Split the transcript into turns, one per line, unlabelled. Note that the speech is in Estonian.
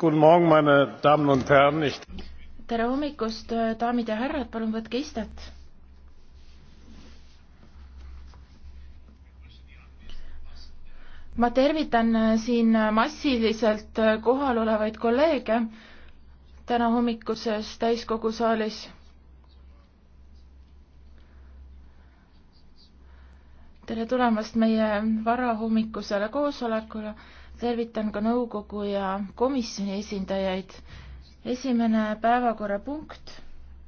tere
hommikust, daamid ja härrad, palun võtke istet. ma tervitan siin massiliselt kohal olevaid kolleege täna hommikuses täiskogu saalis tere tulemast meie varahommikusele koosolekule. tervitan ka nõukogu ja komisjoni esindajaid. esimene päevakorrapunkt